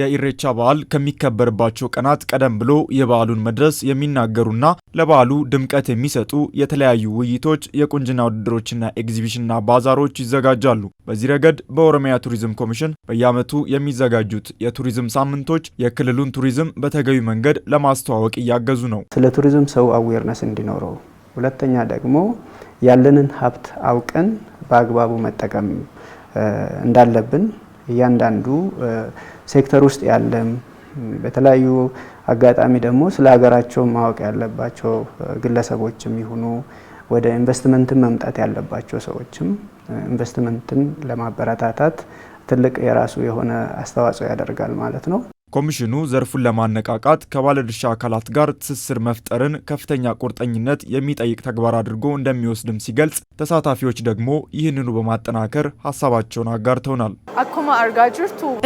የኢሬቻ በዓል ከሚከበርባቸው ቀናት ቀደም ብሎ የበዓሉን መድረስ የሚናገሩና ለበዓሉ ድምቀት የሚሰጡ የተለያዩ ውይይቶች፣ የቁንጅና ውድድሮችና ኤግዚቢሽንና ባዛሮች ይዘጋጃሉ። በዚህ ረገድ በኦሮሚያ ቱሪዝም ኮሚሽን በየዓመቱ የሚዘጋጁት የቱሪዝም ሳምንቶች የክልሉን ቱሪዝም በተገቢ መንገድ ለማስተዋወቅ እያገዙ ነው። ስለ ቱሪዝም ሰው አዌርነስ እንዲኖረው፣ ሁለተኛ ደግሞ ያለንን ሀብት አውቀን በአግባቡ መጠቀም እንዳለብን እያንዳንዱ ሴክተር ውስጥ ያለም በተለያዩ አጋጣሚ ደግሞ ስለ ሀገራቸው ማወቅ ያለባቸው ግለሰቦችም ይሁኑ ወደ ኢንቨስትመንትን መምጣት ያለባቸው ሰዎችም ኢንቨስትመንትን ለማበረታታት ትልቅ የራሱ የሆነ አስተዋጽኦ ያደርጋል ማለት ነው። ኮሚሽኑ ዘርፉን ለማነቃቃት ከባለድርሻ አካላት ጋር ትስስር መፍጠርን ከፍተኛ ቁርጠኝነት የሚጠይቅ ተግባር አድርጎ እንደሚወስድም ሲገልጽ፣ ተሳታፊዎች ደግሞ ይህንኑ በማጠናከር ሀሳባቸውን አጋርተውናል።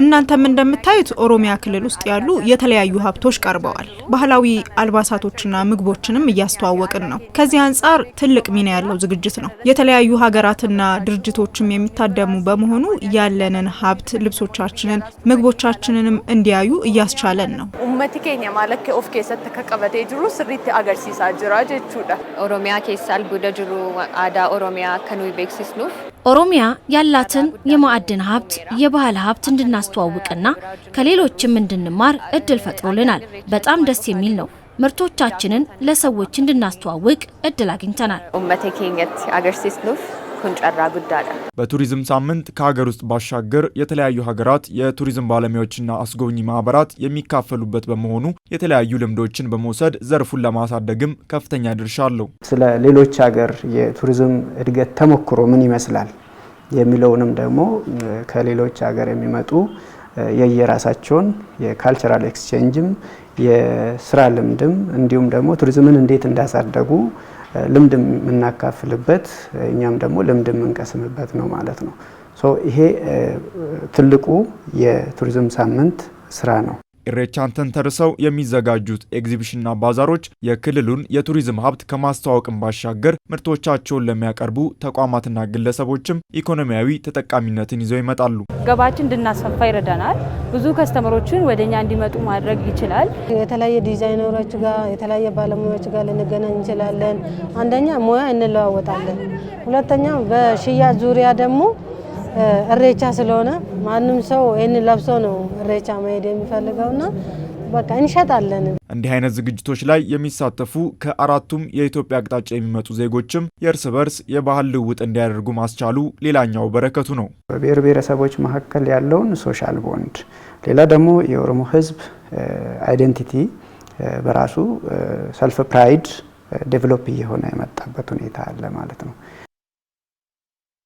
እናንተም እንደምታዩት ኦሮሚያ ክልል ውስጥ ያሉ የተለያዩ ሀብቶች ቀርበዋል። ባህላዊ አልባሳቶችና ምግቦችንም እያስተዋወቅን ነው። ከዚህ አንጻር ትልቅ ሚና ያለው ዝግጅት ነው። የተለያዩ ሀገራትና ድርጅቶችም የሚታደሙ በመሆኑ ያለንን ሀብት ልብሶቻችንን፣ ምግቦቻችንንም እንዲያዩ እያስቻለን ነው። ኡመቲ ኬኛ ማለ ኦፍ ኬሰት ከቀበቴ ጅሩ ስሪት አገርሲሳ ጅራ ጀቹ ኦሮሚያ ኬሳል ቡደ ጅሩ አዳ ኦሮሚያ ከኑይ ኑፍ ኦሮሚያ ያላትን የማዕድን ሀብት፣ የባህል ሀብት እንድናስተዋውቅና ከሌሎችም እንድንማር እድል ፈጥሮልናል። በጣም ደስ የሚል ነው። ምርቶቻችንን ለሰዎች እንድናስተዋውቅ እድል አግኝተናል። ኩንጨራ ጉዳለ በቱሪዝም ሳምንት ከሀገር ውስጥ ባሻገር የተለያዩ ሀገራት የቱሪዝም ባለሙያዎችና አስጎብኚ ማህበራት የሚካፈሉበት በመሆኑ የተለያዩ ልምዶችን በመውሰድ ዘርፉን ለማሳደግም ከፍተኛ ድርሻ አለው። ስለ ሌሎች ሀገር የቱሪዝም እድገት ተሞክሮ ምን ይመስላል የሚለውንም ደግሞ ከሌሎች ሀገር የሚመጡ የየራሳቸውን የካልቸራል ኤክስቼንጅም የስራ ልምድም እንዲሁም ደግሞ ቱሪዝምን እንዴት እንዳሳደጉ ልምድ የምናካፍልበት እኛም ደግሞ ልምድ የምንቀስምበት ነው ማለት ነው። ይሄ ትልቁ የቱሪዝም ሳምንት ስራ ነው። ኢሬቻን ተንተርሰው የሚዘጋጁት ኤግዚቢሽንና ባዛሮች የክልሉን የቱሪዝም ሀብት ከማስተዋወቅም ባሻገር ምርቶቻቸውን ለሚያቀርቡ ተቋማትና ግለሰቦችም ኢኮኖሚያዊ ተጠቃሚነትን ይዘው ይመጣሉ። ገባችን እንድናሰፋ ይረዳናል። ብዙ ከስተመሮችን ወደ እኛ እንዲመጡ ማድረግ ይችላል። የተለያየ ዲዛይነሮች ጋር የተለያየ ባለሙያዎች ጋር ልንገናኝ እንችላለን። አንደኛ ሙያ እንለዋወጣለን። ሁለተኛ በሽያጭ ዙሪያ ደግሞ እሬቻ ስለሆነ ማንም ሰው ይህን ለብሶ ነው እሬቻ መሄድ የሚፈልገውና በቃ እንሸጣለን። እንዲህ አይነት ዝግጅቶች ላይ የሚሳተፉ ከአራቱም የኢትዮጵያ አቅጣጫ የሚመጡ ዜጎችም የእርስ በርስ የባህል ልውውጥ እንዲያደርጉ ማስቻሉ ሌላኛው በረከቱ ነው። በብሔር ብሔረሰቦች መካከል ያለውን ሶሻል ቦንድ፣ ሌላ ደግሞ የኦሮሞ ህዝብ አይደንቲቲ በራሱ ሰልፍ ፕራይድ ዴቨሎፕ እየሆነ የመጣበት ሁኔታ አለ ማለት ነው።